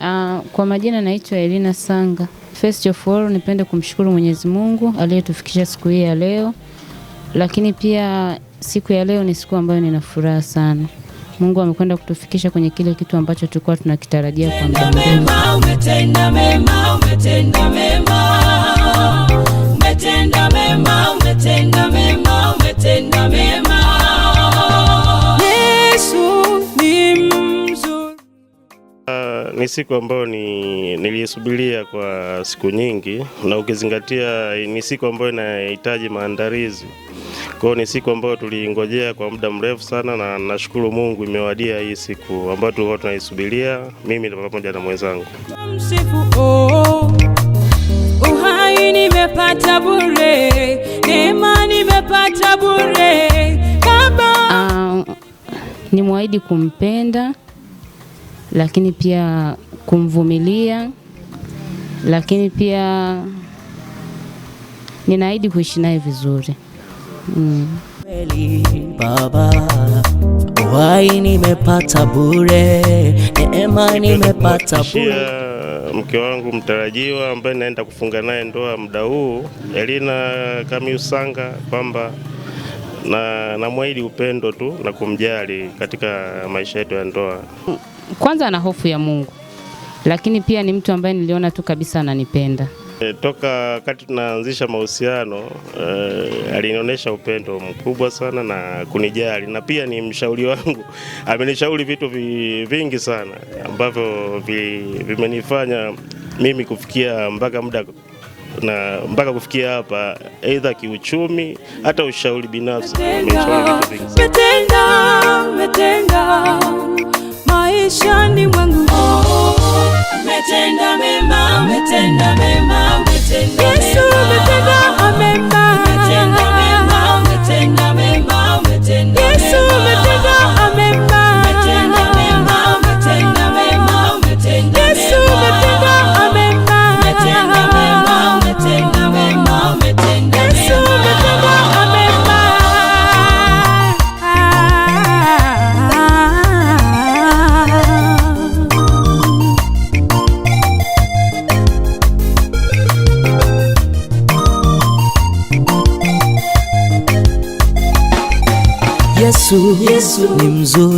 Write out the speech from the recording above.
Uh, kwa majina naitwa Elina Sanga. First of all, nipende kumshukuru Mwenyezi Mungu aliyetufikisha siku hii ya leo, lakini pia siku ya leo ni siku ambayo nina furaha sana. Mungu amekwenda kutufikisha kwenye kile kitu ambacho tulikuwa tunakitarajia kwa muda mrefu. ni siku ambayo ni niliisubiria kwa siku nyingi, na ukizingatia eh, ni siku ambayo inahitaji maandalizi. Kwa ni siku ambayo tuliingojea kwa muda mrefu sana, na nashukuru Mungu imewadia hii siku ambayo tulikuwa tunaisubiria, mimi pamoja na mwenzangu. Oh, uhai nimepata bure, neema nimepata bure, ah, Ni mwahidi kumpenda lakini pia kumvumilia, lakini pia ninaahidi kuishi naye vizuri mm. Baba wai nimepata bure, neema nimepata bure. Mke wangu mtarajiwa ambaye naenda kufunga naye ndoa muda huu, Elina Kamiusanga, kwamba na namwahidi upendo tu na kumjali katika maisha yetu ya ndoa kwanza ana hofu ya Mungu, lakini pia ni mtu ambaye niliona tu kabisa ananipenda. E, toka kati tunaanzisha mahusiano e, alinionyesha upendo mkubwa sana na kunijali, na pia ni mshauri wangu, amenishauri vitu vi, vingi sana ambavyo vi, vimenifanya mimi kufikia mpaka muda na mpaka kufikia hapa, aidha kiuchumi, hata ushauri binafsi. Yesu, Yesu ni mzuri.